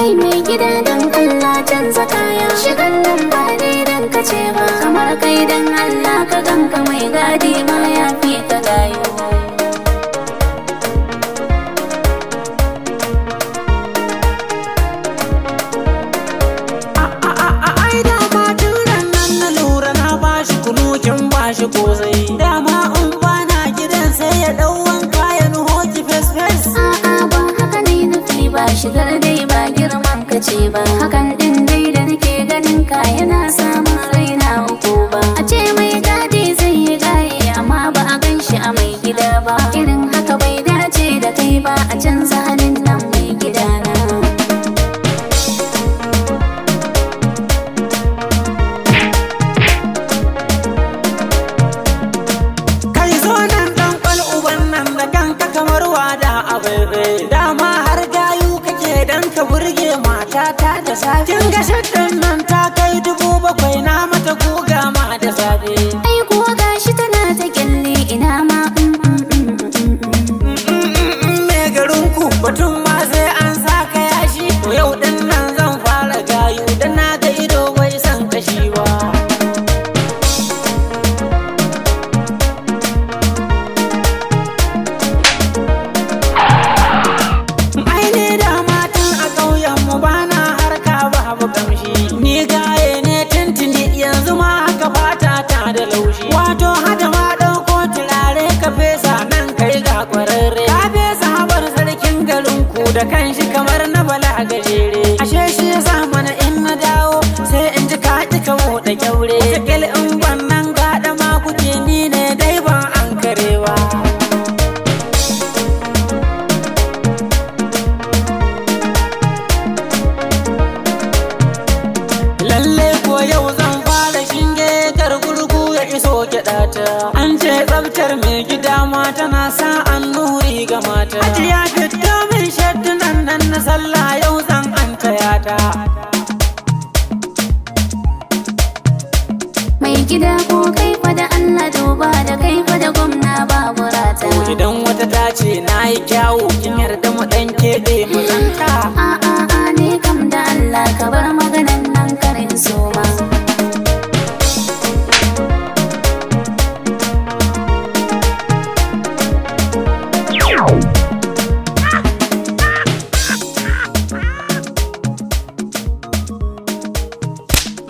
kai mai gida dan Allah canza kaya shigar nan ba ka ce ba kamar kai dan Allah ka ganka mai gadi ma ya fi ka a Ai da ba turan nan na lura na bashi kunu bashi ko zai lokaci ba hakan din dai da nake ganin ka yana samun raina uku ba a ce mai dadi zai yi gaye amma ba a gan shi a mai gida ba irin haka bai dace da kai ba a canza halin nan mai gida na kai zo nan dan kwal uban nan da kanka kamar wada a dama har gayu kake dan ka burge ma ta da safe kin ga shaddan nan ta kai dubu zuma aka fata ta da laushi wato hada ma ɗauko turare ka fesa nan kai ga kwararre ka fesa habar sarkin garin ku da kanshi kamar na bala gajere ashe shi zamana in na dawo sai in ji ka ki ka moɗa kyaure takil in wannan gaɗa ma kuke ni ne dai ban an karewa lalle ko yau za An ce tsabtar mai gida ma tana sa an nuri ga mata. Ajiya fita min shaddunan nan na sallah yau zan an ta. Mai gida ko kai da Allah ba da kai da gwamna burata. rata. Idan wata ta ce na yi kyawu kin yarda mu ɗan keɓe mu